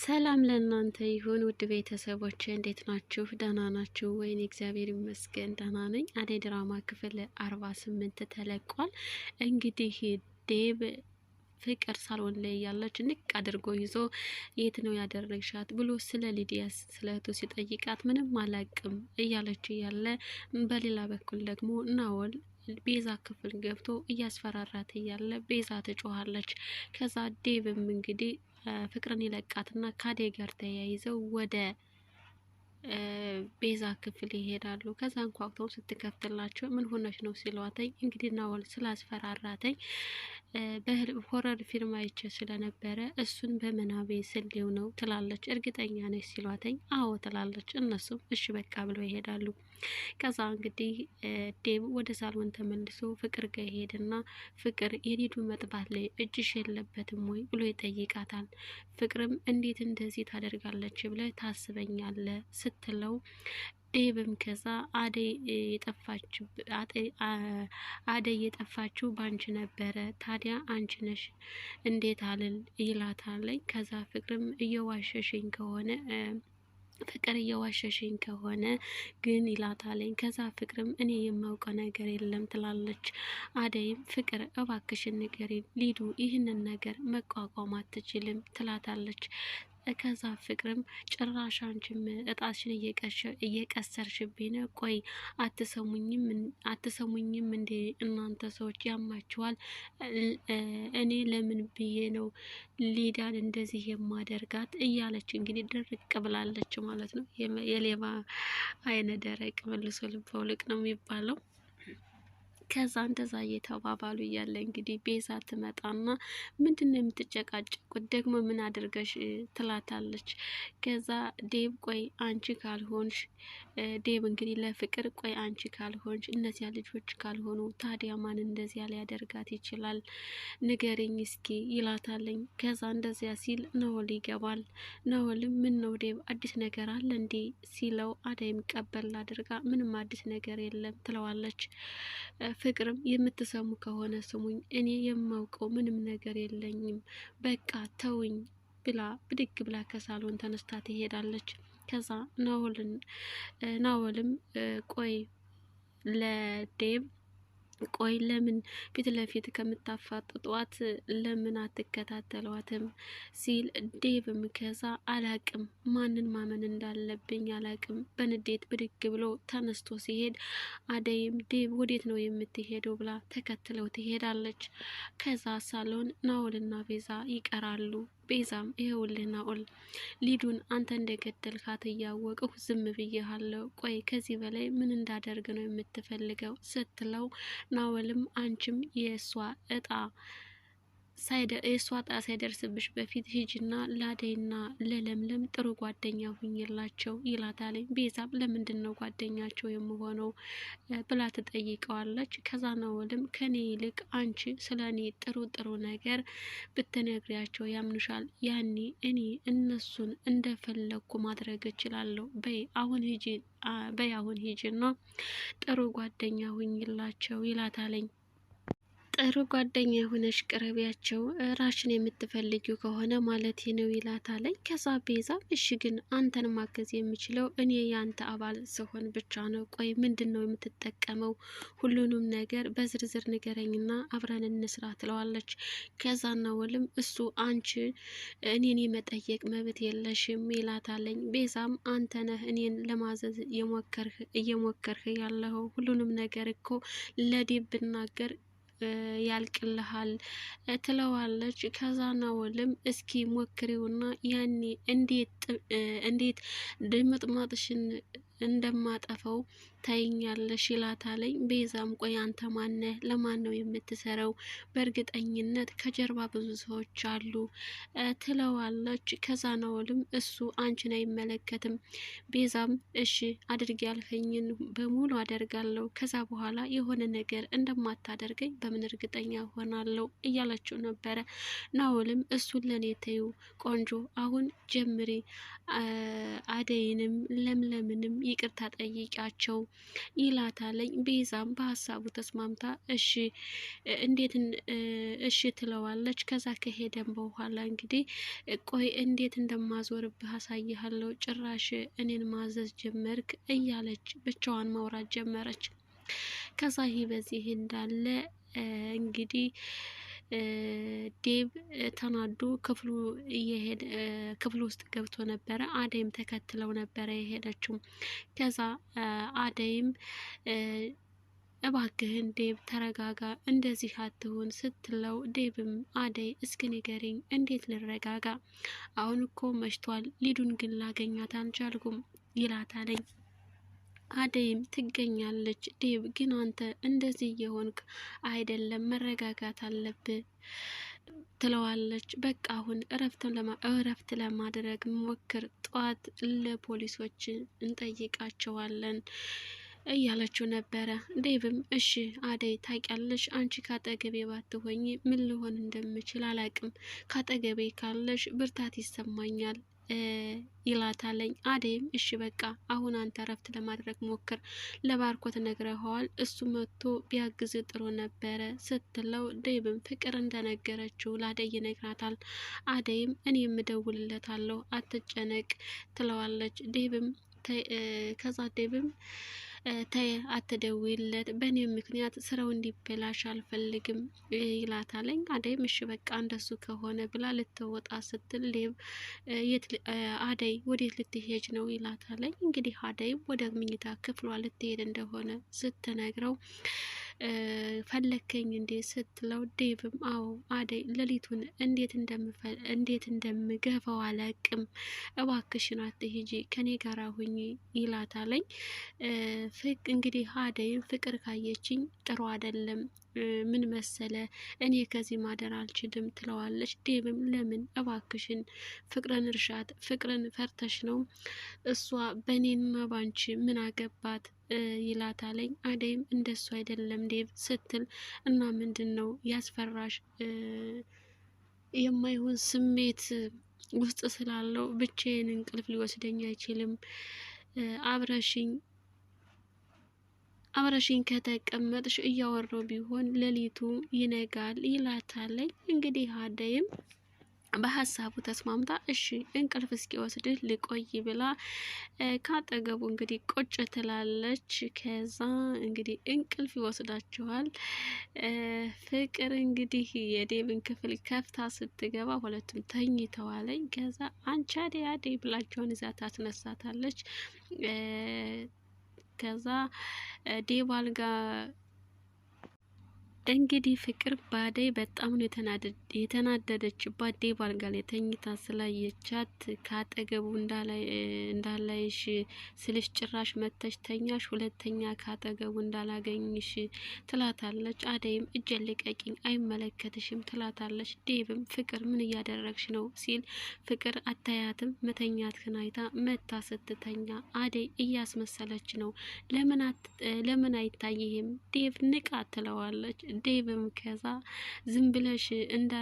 ሰላም ለእናንተ ይሁን ውድ ቤተሰቦች፣ እንዴት ናችሁ? ደህና ናችሁ ወይን? እግዚአብሔር ይመስገን ደህና ነኝ። አደይ ድራማ ክፍል አርባ ስምንት ተለቋል። እንግዲህ ዴብ ፍቅር ሳሎን ላይ እያለች ንቅ አድርጎ ይዞ የት ነው ያደረግሻት ብሎ ስለ ሊዲያ ስለ እህቱ ሲጠይቃት ምንም አላቅም እያለች እያለ በሌላ በኩል ደግሞ ናወል ቤዛ ክፍል ገብቶ እያስፈራራት እያለ ቤዛ ትጮኋለች። ከዛ ዴብም እንግዲህ ፍቅርን ይለቃትና ካዴ ጋር ተያይዘው ወደ ቤዛ ክፍል ይሄዳሉ። ከዛ እንኳቅተው ስትከፍትላቸው ምን ሆነች ነው ሲሏተኝ እንግዲህ ናወል ስላስፈራራተኝ በሆረር ፊልም አይቼ ስለነበረ እሱን በምናቤ ስሌው ነው ትላለች። እርግጠኛ ነች ሲሏተኝ አዎ ትላለች። እነሱም እሺ በቃ ብለው ይሄዳሉ። ከዛ እንግዲህ ዴብ ወደ ሳሎን ተመልሶ ፍቅር ጋር ይሄድና ፍቅር የሊዱ መጥባት ላይ እጅሽ የለበትም ወይ ብሎ ይጠይቃታል። ፍቅርም እንዴት እንደዚህ ታደርጋለች ብለ ታስበኛለ ስትለው ዴብም ከዛ አደይ የጠፋችው ባንች ነበረ ታዲያ አንቺ ነሽ እንዴት አልል ይላታለኝ። ከዛ ፍቅርም እየዋሸሽኝ ከሆነ ፍቅር እየዋሸሽኝ ከሆነ ግን ይላታለኝ። ከዛ ፍቅርም እኔ የማውቀው ነገር የለም ትላለች። አደይም ፍቅር እባክሽን ንገሪን፣ ሊዱ ይህንን ነገር መቋቋም አትችልም ትላታለች። ከዛ ፍቅርም ጭራሽ አንቺም እጣሽን እየቀሰርሽብኝ ነው። ቆይ አትሰሙኝም አትሰሙኝም እንዴ እናንተ ሰዎች ያማችኋል። እኔ ለምን ብዬ ነው ሊዳን እንደዚህ የማደርጋት? እያለች እንግዲህ ድርቅ ብላለች ማለት ነው። የሌባ አይነ ደረቅ መልሶ ልበውልቅ ነው የሚባለው። ከዛ እንደዛ እየተባባሉ እያለ እንግዲህ ቤዛ ትመጣና ምንድን ነው የምትጨቃጨቁት ደግሞ ምን አድርገሽ ትላታለች። ከዛ ዴብ ቆይ አንቺ ካልሆንሽ ዴብ እንግዲህ ለፍቅር ቆይ አንቺ ካልሆንሽ እነዚያ ልጆች ካልሆኑ ታዲያ ማን እንደዚያ ሊያደርጋት ይችላል? ንገርኝ እስኪ ይላታለኝ። ከዛ እንደዚያ ሲል ነወል ይገባል። ነወልም ምን ነው ዴብ አዲስ ነገር አለ እንዴ ሲለው አደይም ቀበል አድርጋ ምንም አዲስ ነገር የለም ትለዋለች። ፍቅርም የምትሰሙ ከሆነ ስሙኝ፣ እኔ የማውቀው ምንም ነገር የለኝም፣ በቃ ተውኝ ብላ ብድግ ብላ ከሳሎን ተነስታ ትሄዳለች። ከዛ ናወልን ናወልም ቆይ ለዴብ ቆይ ለምን ፊት ለፊት ከምታፋጥጧት ለምን አትከታተሏትም? ሲል ዴቭም ከዛ አላቅም፣ ማንን ማመን እንዳለብኝ አላቅም። በንዴት ብድግ ብሎ ተነስቶ ሲሄድ አደይም ዴቭ ወዴት ነው የምትሄደው ብላ ተከትለው ትሄዳለች። ከዛ ሳሎን ናውልና ቤዛ ይቀራሉ። ቤዛም ይኸውልህና ኦል ሊዱን አንተ እንደገደልካት እያወቅሁ ዝም ብዬሃለሁ። ቆይ ከዚህ በላይ ምን እንዳደርግ ነው የምትፈልገው? ስትለው ናወልም አንቺም የእሷ እጣ የእሷ ጣ ሳይደርስብሽ በፊት ሂጅና ላደይና ለለምለም ጥሩ ጓደኛ ሁኝላቸው ይላታለኝ። ቤዛም ለምንድን ነው ጓደኛቸው የምሆነው ብላ ትጠይቀዋለች። ከዛ ናወልም ከኔ ይልቅ አንቺ ስለ እኔ ጥሩ ጥሩ ነገር ብትነግሪያቸው ያምኑሻል። ያኔ እኔ እነሱን እንደፈለግኩ ማድረግ እችላለሁ። በይ አሁን ሂጂ በይ አሁን ሂጂና ጥሩ ጓደኛ ሁኝላቸው ይላታለኝ። ጥሩ ጓደኛ የሆነች ቅረቢያቸው ራሽን የምትፈልጊው ከሆነ ማለት ነው ይላታለኝ። ከዛ ቤዛ እሺ ግን አንተን ማገዝ የምችለው እኔ የአንተ አባል ስሆን ብቻ ነው። ቆይ ምንድን ነው የምትጠቀመው? ሁሉንም ነገር በዝርዝር ንገረኝና አብረን እንስራ ትለዋለች። ከዛና ወልም እሱ አንቺ እኔን የመጠየቅ መብት የለሽም ይላታለኝ። ቤዛም አንተ ነህ እኔን ለማዘዝ እየሞከርህ ያለኸው ሁሉንም ነገር እኮ ለዴብ ብናገር ያልቅልሃል ትለዋለች። ከዛ ናወልም እስኪ ሞክሪውና ያኔ እንዴት እንዴት ድምጥማጥሽን እንደማጠፈው ታይኛለሽ ይላታለኝ። ቤዛም ቆይ አንተ ማነህ? ለማን ነው የምትሰራው? በእርግጠኝነት ከጀርባ ብዙ ሰዎች አሉ ትለዋለች። ከዛ ናወልም እሱ አንቺን አይመለከትም። ቤዛም እሺ አድርጊ ያልከኝን በሙሉ አደርጋለሁ። ከዛ በኋላ የሆነ ነገር እንደማታደርገኝ በምን እርግጠኛ ሆናለሁ እያለችው ነበረ። ናወልም እሱን ለኔ ተዩ ቆንጆ፣ አሁን ጀምሪ አደይንም ለምለምንም ይቅርታ ጠይቂያቸው ይላታለኝ። ቤዛም በሀሳቡ ተስማምታ እሺ እንዴት እሺ ትለዋለች። ከዛ ከሄደን በኋላ እንግዲህ ቆይ እንዴት እንደማዞርብህ አሳይሃለሁ፣ ጭራሽ እኔን ማዘዝ ጀመርክ እያለች ብቻዋን ማውራት ጀመረች። ከዛ ይህ በዚህ እንዳለ እንግዲህ ዴብ ተናዶ ክፍሉ እየሄደ ክፍሉ ውስጥ ገብቶ ነበረ። አደይም ተከትለው ነበረ የሄደችው። ከዛ አደይም እባክህን ዴብ ተረጋጋ፣ እንደዚህ አትሁን ስትለው ዴብም አደይ እስኪ ንገሪኝ፣ እንዴት ልረጋጋ? አሁን እኮ መሽቷል፣ ሊዱን ግን ላገኛት አልቻልኩም ይላታለኝ። አደይም ትገኛለች። ዴብ ግን አንተ እንደዚህ የሆንክ አይደለም፣ መረጋጋት አለብህ ትለዋለች። በቃ አሁን እረፍት ለማድረግ ሞክር፣ ጠዋት ለፖሊሶች እንጠይቃቸዋለን እያለችው ነበረ። ዴብም እሺ አደይ ታውቂያለሽ፣ አንቺ ካጠገቤ ባትሆኝ ምን ልሆን እንደምችል አላቅም። ካጠገቤ ካለሽ ብርታት ይሰማኛል ይላታለኝ። አደይም እሺ በቃ አሁን አንተ እረፍት ለማድረግ ሞክር፣ ለባርኮት ነግረኸዋል፣ እሱ መጥቶ ቢያግዝ ጥሩ ነበረ ስትለው ደይብም ፍቅር እንደነገረችው ለአደይ ይነግራታል። አደይም እኔ የምደውልለታለሁ አትጨነቅ ትለዋለች። ደይብም ከዛ ደብም ተይ አትደውይለት፣ በእኔ ምክንያት ስራው እንዲበላሽ አልፈልግም ይላታለኝ። አደይም እሺ በቃ እንደሱ ከሆነ ብላ ልትወጣ ስትል ሌብ አደይ ወዴት ልትሄጅ ነው ይላታለኝ። እንግዲህ አደይም ወደ ምኝታ ክፍሏ ልትሄድ እንደሆነ ስትነግረው ፈለከኝ እንዴ ስትለው ዴብም አዎ አደይ ሌሊቱን እንዴት እንዴት እንደምገፈው አላቅም፣ እባክሽን አትሂጂ ከኔ ጋር ሁኚ ይላታለኝ። ፍቅ እንግዲህ አደይም ፍቅር ካየችኝ ጥሩ አይደለም ምን መሰለ እኔ ከዚህ ማደር አልችልም ትለዋለች። ዴብም ለምን እባክሽን ፍቅርን እርሻት ፍቅርን ፈርተሽ ነው እሷ በእኔና ባንቺ ምን አገባት ይላታለኝ። አደይም እንደሱ አይደለም ዴብ ስትል እና ምንድን ነው ያስፈራሽ የማይሆን ስሜት ውስጥ ስላለው ብቻዬን እንቅልፍ ሊወስደኝ አይችልም አብረሽኝ አብረሽኝ ከተቀመጥሽ እያወራው ቢሆን ሌሊቱ ይነጋል ይላታለኝ። እንግዲህ አደይም በሀሳቡ ተስማምታ እሺ እንቅልፍ እስኪ ወስድህ ልቆይ ብላ ካጠገቡ እንግዲህ ቁጭ ትላለች። ከዛ እንግዲህ እንቅልፍ ይወስዳችኋል። ፍቅር እንግዲህ የዴብን ክፍል ከፍታ ስትገባ ሁለቱም ተኝተዋለኝ። ከዛ አንቺ አደይ አደይ ብላቸውን ይዛ ታስነሳታለች። ከዛ ዴባል ጋር እንግዲህ ፍቅር በአደይ በጣም ነው የተናደደችባት። ዴቭ አልጋ ላይ ተኝታ ስላየቻት ካጠገቡ እንዳላይሽ ስልሽ ጭራሽ መተሽ ተኛሽ፣ ሁለተኛ ካጠገቡ እንዳላገኝሽ ትላታለች። አደይም እጄን ልቀቂኝ፣ አይመለከትሽም ትላታለች። ዴቭም ፍቅር ምን እያደረግሽ ነው ሲል ፍቅር አታያትም፣ መተኛትህን አይታ መታ ስትተኛ አደይ እያስመሰለች ነው። ለምን አይታይህም ይህም ዴቭ ንቃ ትለዋለች። ዴብም ከዛ ዝም ብለሽ እንደ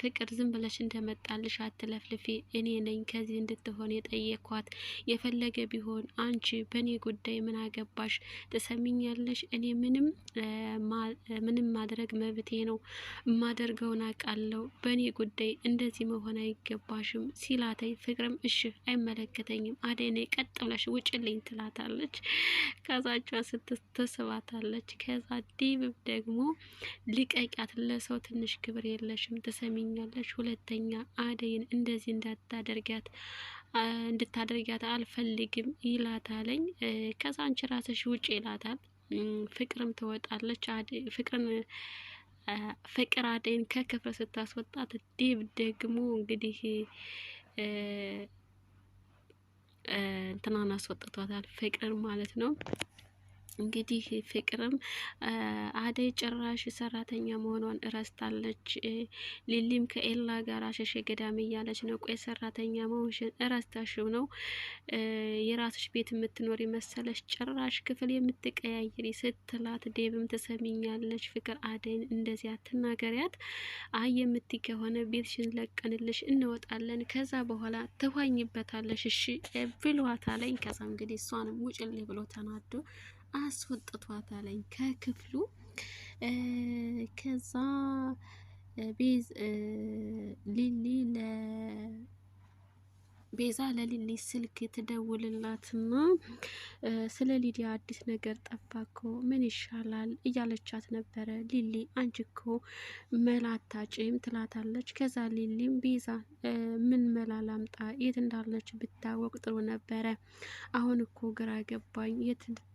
ፍቅር ዝም ብለሽ እንደመጣልሽ አትለፍልፊ፣ እኔ ነኝ ከዚህ እንድትሆን የጠየኳት። የፈለገ ቢሆን አንቺ በእኔ ጉዳይ ምን አገባሽ? ትሰሚኛለሽ? እኔ ምንም ምንም ማድረግ መብቴ ነው። የማደርገውን አውቃለሁ። በእኔ ጉዳይ እንደዚህ መሆን አይገባሽም ሲላተይ ፍቅርም እሺ አይመለከተኝም፣ አደኔ ቀጥ ብለሽ ውጭልኝ ትላታለች። ከዛቿ ስትስባታለች። ከዛ ዲብ ደግሞ ልቀቂያት፣ ለሰው ትንሽ ክብር የለሽም፣ ትሰሚኛለሽ? ሁለተኛ አደይን እንደዚህ እንዳታደርጊያት እንድታደርጊያት አልፈልግም ይላታለኝ። ከዛ አንቺ ራስሽ ውጭ ይላታል። ፍቅርም ትወጣለች። ፍቅርን ፍቅር አደይን ከክፍል ስታስወጣት ዴብ ደግሞ እንግዲህ እንትናን አስወጥቷታል፣ ፍቅርን ማለት ነው። እንግዲህ ፍቅርም አደይ ጭራሽ ሰራተኛ መሆኗን እረስታለች። ሊሊም ከኤላ ጋር አሸሸ ገዳም እያለች ነው። ቆይ ሰራተኛ መሆንሽን እረስተሽው ነው የራስሽ ቤት የምትኖር መሰለሽ ጭራሽ ክፍል የምትቀያይሪ ስትላት፣ ዴብም ትሰሚኛለች ፍቅር አደይን እንደዚያ አትናገሪያት። አይ የምትይ ከሆነ ቤትሽን ለቀንልሽ እንወጣለን፣ ከዛ በኋላ ትኋኝበታለሽ እሺ ብሏታለኝ። ከዛ እንግዲህ እሷንም ውጭልህ ብሎ ተናዶ አስወጥቷታለኝ ከክፍሉ። ከዛ ቤዝ ሊሊ ቤዛ ለሊሊ ስልክ ትደውልላትና ስለ ሊዲያ አዲስ ነገር ጠፋኮ ምን ይሻላል እያለቻት ነበረ። ሊሊ አንቺ እኮ መላ አታጭም ትላታለች። ከዛ ሊሊም ቤዛ ምን መላ ላምጣ፣ የት እንዳለች ብታወቅ ጥሩ ነበረ። አሁን እኮ ግራ ገባኝ የት